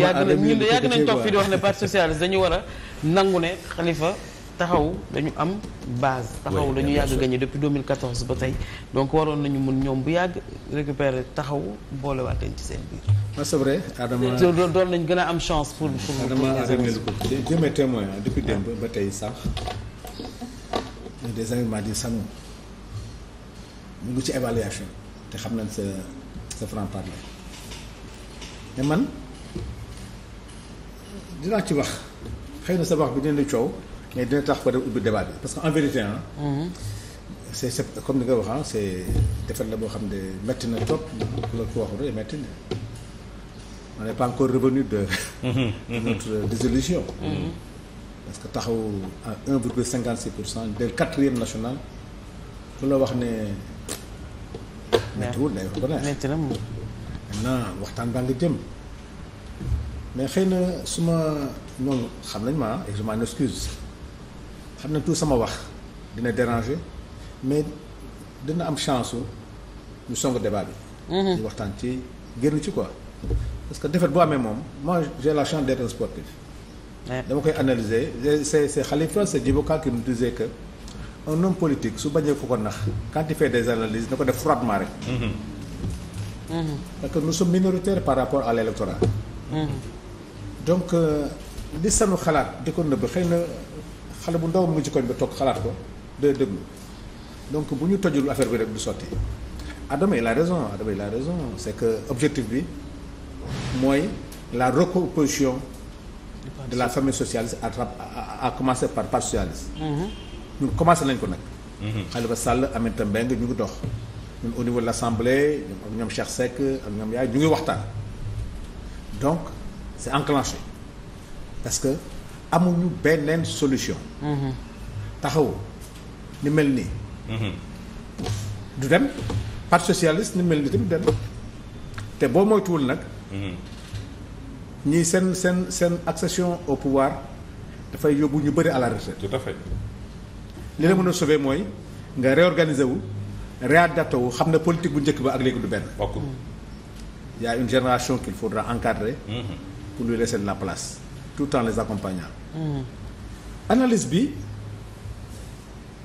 yàgg na ñun yàgg nañ toog fii di wax ne parti socialiste dañu war a nangu ne xalifa taxaw dañu am base taxaw dañu yàgg gagné depuis 2014 ba tey donc waroon nañu mun ñoom bu yàgg récupérer taxaw boolewaat leen ci seen biir ah c'est vrai Adama doon nañ gën a am chance pour pour Adama témoin depuis démb ba tey sax des amis m'a dit Sanu ñu ngi ci évaluation te xam nañ sa sa franc parler dinaa ci wax xëy na sa wax bi dina la coow mais dina tax ba dem ubbi débat bi parce que en vérité ah. c' est comme ni nga wax ah c' est la boo xam ne métti na trop la ko waxoon rek métti na on mhm, mhm. Mhm. taxaw à 1,56 pour cent del quatrième national ku la wax ne. méttiwul day wax ko na moom. maintenant waxtaan baa ngi jëm. mais xëy na su ma noonu xam nañ ma et je m'en excuse xam na tout sama wax dina déranger mais dina am chance ñu song débat bi. ñu mhm. waxtaan ci génn ci quoi. parce que défaite boo amee moom moi j'ai la chance d'être un dama koy analyser c'est c'est Khalifa c'est Djibo Ka qui nous que un homme politique su bañee ko ko nax quand il des analyses na ko def froidement rek. Mhm. Mhm. parce que nous sommes minoritaires par rapport à l'électorat. donc euh, li sanu xalaat di ko nëbb xëy na xale bu ndaw mu ngi ci koñ ba toog xalaat ko de déglu donc bu ñu tojul affaire bi rek du sotti Adama il a raison Adama il la raison c'est que objectif bi mooy la recomposition de la famille socialiste à à, à commencer par parti socialiste. Mm-hmm. ñun commencé nañ ko nag. Mm-hmm. Khalifa Sall Aminata Mbengue ñu ngi dox. ñun au niveau de l'assemblée ñoom ak ñoom Cheikh Seck ak ñoom yaay ñu ngi waxtaan c'est enclenché parce que amuñu benneen solution. Mhm. taxawu ni mel nii. Mhm. du dem parti socialist ni mel nii tamit dem te boo moytuwul nag. Mhm. ñii seen seen seen accession au pouvoir dafay yóbbu ñu bëri à la retraite. tout li la mën a sauver mooy nga réorganiser wu réadapté wu xam ne politique bu njëkk ba ak léegi du benn. bokkul y a une génération qu'il faudra encadrer. Mm pour lui seen de la place tout en les accompagnant. Hmm. analyse bi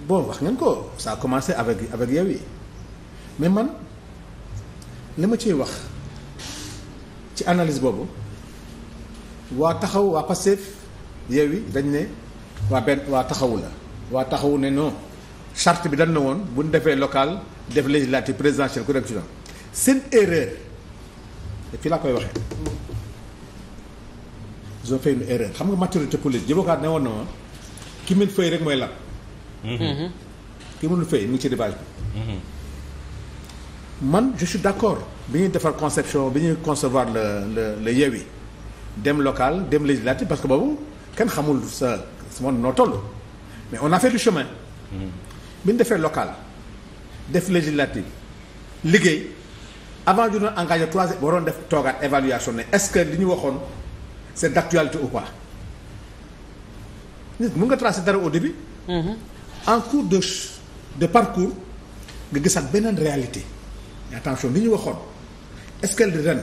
bon wax ngeen ko saa a commencé avec avec Yewwi mais man li ma ciy wax ci analyse boobu waa taxaw waa Pastef yi dañ ne waa benn waa taxawu la waa taxawu ne non chart bi dañ na woon bu ñu defee local def législative présidentielle ku nekk ci seen erreur fii laa koy waxee. ils ont xam nga maturité politique jëbokaat ne woon na ma ki mën fay rek mooy lab. ki mënul fay mu ngi ci rivage bi. Mhm. man je suis d' accord bi ñuy defar conception bi ñuy concevoir le le le Yewwi dem local dem législatif parce que boobu kenn xamul sa sa moom noo toll mais on a fait du chemin. Mhm. bi ñu defee local def législatif liggéey avant ñu doon engagé trois waroon def toogaat évaluation ne est ce que li ñu waxoon. c'est d'actualité ou pas nit mun nga tracer dara au début. Mm-hmm. en cours de de parcours nga gisaat beneen réalité attention li ñu waxoon escale de ren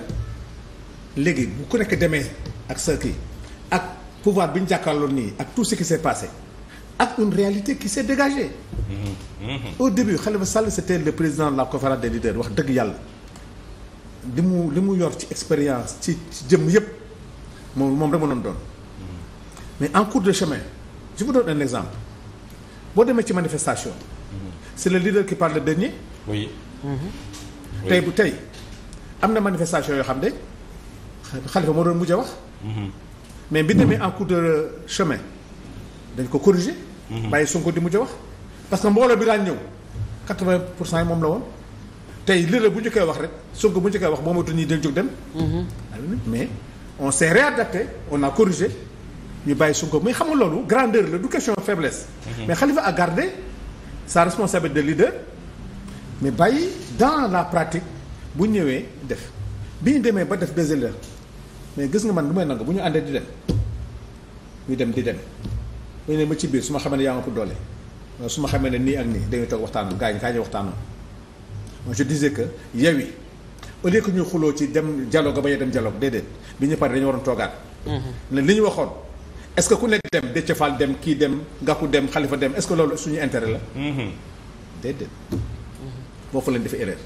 léegi bu ku nekk demee ak sa kii ak pouvoir bi ñu jàkkaarloon nii ak tout ce qui s'est passé ak une réalité qui s'est dégagée. Mm-hmm. au début Khalifa sa c'était le président de la conférence des leaders wax dëgg yàlla li mu li mu yor ci expérience ci ci jëm yépp moom moom rek ma doon doon mais en cours de chemin je vous donne un exemple boo demee ci manifestation c'est le leader qui parle le dernier. oui. Mm-hmm. tey bu tey am na manifestation yoo xam ne Khalifa moo doon mujj a wax. Mm-hmm. mais bi demee en cours de chemin dañ ko corriger. Mm-hmm. bàyyi Sonko di mujj a wax. parce que mbooloo bi daan ñëw quatre-vingt pour cent yi moom la woon tey leader bu ñu koy wax rek Sonko bu ñu koy wax moo moomatuñu dañ jóg dem. mais. on s'est réadapté on a corrigé ñu bàyyi Sonko muy xam nga loolu grandeur la du question faiblesse. Mhm. mais Khalifa a garde sa responsabilité de leader. mais bàyyi dans la pratique bu ñëwee def bi ñu demee ba def des erreurs mais gis nga man du may nangu bu ñu àndee di dem ñu dem di dem bu ne ma ci biir su ma xamee ne yaa ngi ko doole su ma xamee ne nii ak nii dañuy toog waxtaanoo gars yi kaa ñu waxtaanoo je disais que Yewwi au lieu que ñu xuloo ci dem dialogue ba ñu dem dialogue déedéet. bi ñu paree dañu waroon toogaat. Mhm. ne li ñu waxoon est-ce que ku nekk dem Déthié Fall dem kii dem Gakou dem xalifa dem est-ce que loolu suñu intere la. Mhm. déedéet. boo ko leen defee erreur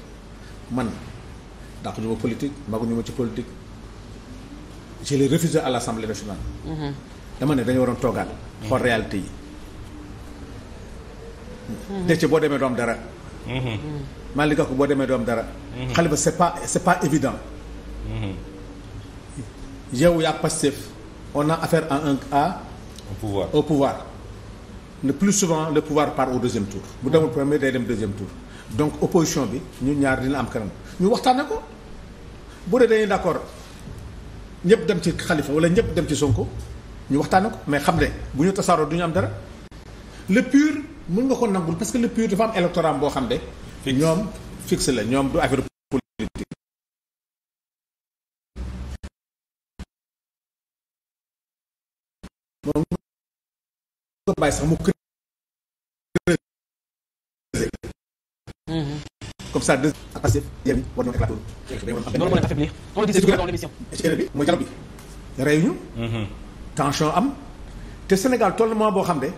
man dàqu ñu ma politique ñu ma ci politique je l'ai refusé à l'Assemblée nationale. Mhm. dama ne dañu waroon toogaat. xool réalité yi. Déthié boo demee doom dara. Malick Gakou boo demee doom dara. Khalifa c'est pas c'est pas évident. yow yaa Pastef on na affaire en un à. au pouvoir au pouvoir. le plus souvent le pouvoir part au deuxième tour. bu demul premier day dem deuxième tour. donc opposition bi ñu ñaar dina am kanam ñu waxtaane ko bu dee dañuy d'accord ñëpp dem ci xalifa wala ñëpp dem ci Sonko ñu waxtaane ko mais xam ne bu ñu tasaaroo du ñu am dara. le pur mën nga ko nangul parce que le pur dafa am électorat boo xam ne. ñoom fixe la ñoom du affaire. ko bàyyi sax mu creuser mhm. comme ça deux à passer yéen war nañu éclater bi mooy dialogue mhm. tension am te Sénégal toll boo xam ne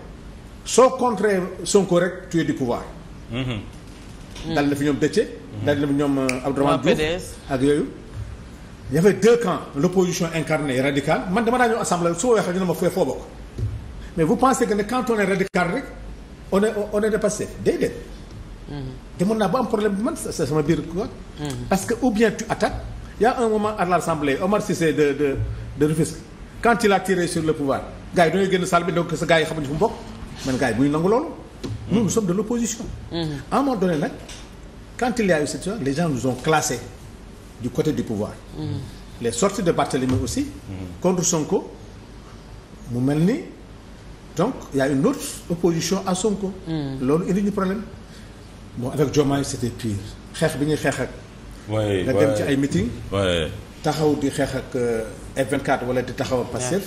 soo contrer Sonko rek tu es du pouvoir mhm. dal na fi ñoom Déthié dal na fi ñoom euh, Abdourahmane Diouf ak yooyu y avait deux camps l'opposition incarnée radicale man dama daa ñëw su ma waxee ñu ne ma fee foo bokk mais vous pensez que ne quand on est radical rek on est on est de Pastef mhm. naa ba am problème bi man sa sama biir quoi. Mhm. parce que ou bien tu attaques. y un moment à l'Assemblée Omar Cissé de de de Rufisque quand il a sur le pouvoir gars yi dañoo génn salle bi donc sa gars yi xamuñu fu mu bokk man gars yi bu ñu nangu loolu. Mhm. nous nous de l'opposition. à moment donné nag quand il y a eu cette chose les gens nous ont classés du côté du pouvoir. les sorties de Barthélemy aussi. contre Sonko mu mel ni. donc y' a une autre opposition à Sonko. Hmm. loolu indi ñu problème bon avec Diomaye c' était pire xeex bi ñuy xeex ak. waay nga dem ci ay meeting. taxaw di xeex ak euh, F24 wala di taxaw ak Pastef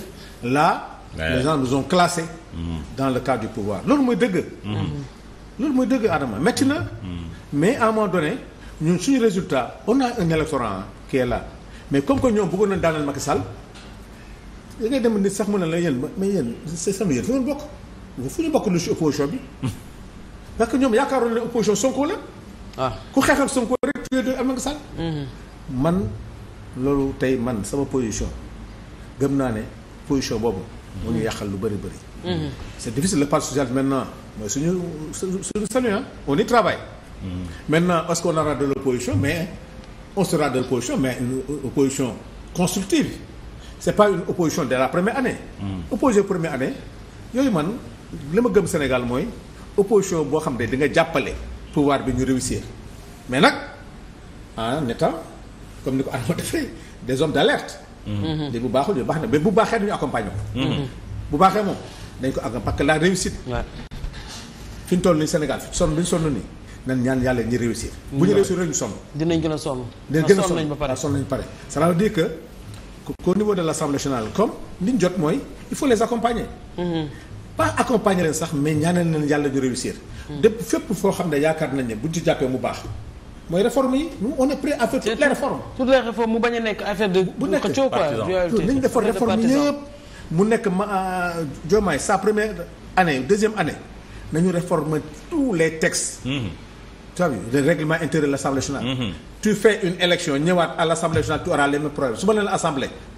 la Ouais. les gens nous hmm. dans le cadre du loolu mooy dëgg. Hmm. loolu mooy dëgg Adama métti na. mais à un moment ñun suñu résultat on a un électorat qui est là mais comme que ñoom bëggoon nañ daaneel Macky Sall. da ngay dem nit sax mu ne la yéen mais yéen seen yéen fu ngeen bokk fu ñu bokk lu ci opposition bi. Hmm. parce que ñoom yaakaaroon ne opposition Sonko la. waaw ah. ku xeex ak Sonko rek tuuti am na nga sànq. man loolu tey man sama position gëm naa ne position boobu. moo ñu hmm. yàqal lu bëri bëri. Hmm. c'est difficile le parti social maintenant mooy suñu suñu salu ah on y travaille. maintenant est on qu'on aura de l'opposition mais on sera de l'opposition mais une opposition c'est pas une opposition dès la première année. Hmm. opposé première année yooyu man li ma gëm Sénégal mooy opposition boo xam ne di nga jàppale pouvoir bi ñu réussir mais nag ah, en étant comme ni ko Adama defee des hommes d'alerte. Hmm. li bu baaxul ñu baax na mais bu baaxee dañu accompagner ko. Hmm. bu baaxee moom dañ ko accompagner parce que la réussite. fi ñu toll nii Sénégal fi sonn bi ñu sonn nii nan ñaan yàlla ñi réussir. bu ñu réussir rek ñu sonn. dinañ gën a sonn. dinañ gën a ah, ah, nañ ba pare. ça veut dire qu'au niveau de l'Assemblée nationale comme liñ jot mooy il faut les accompagner. Mhm. pas accompagner leen sax mais ñaanal leen yàlla ñu réussir. Mhm. dépp fépp foo xam ne yaakaar nañ ne buñ ci jàppee mu baax. mooy réforme yi à faire toutes les réformes. mu a nekk affaire de. bu nekk xëccoo quoi nañ defoon réforme yëpp. mu nekk ma euh, Diomaye sa première année deuxième année nañu réformer tous les textes. Mhm. tu as vu le règlement intérieur de l'Assemblée nationale. ci fais une élection ñëwaat à l' assemblée nationale tu problèmes su ma leen assemblée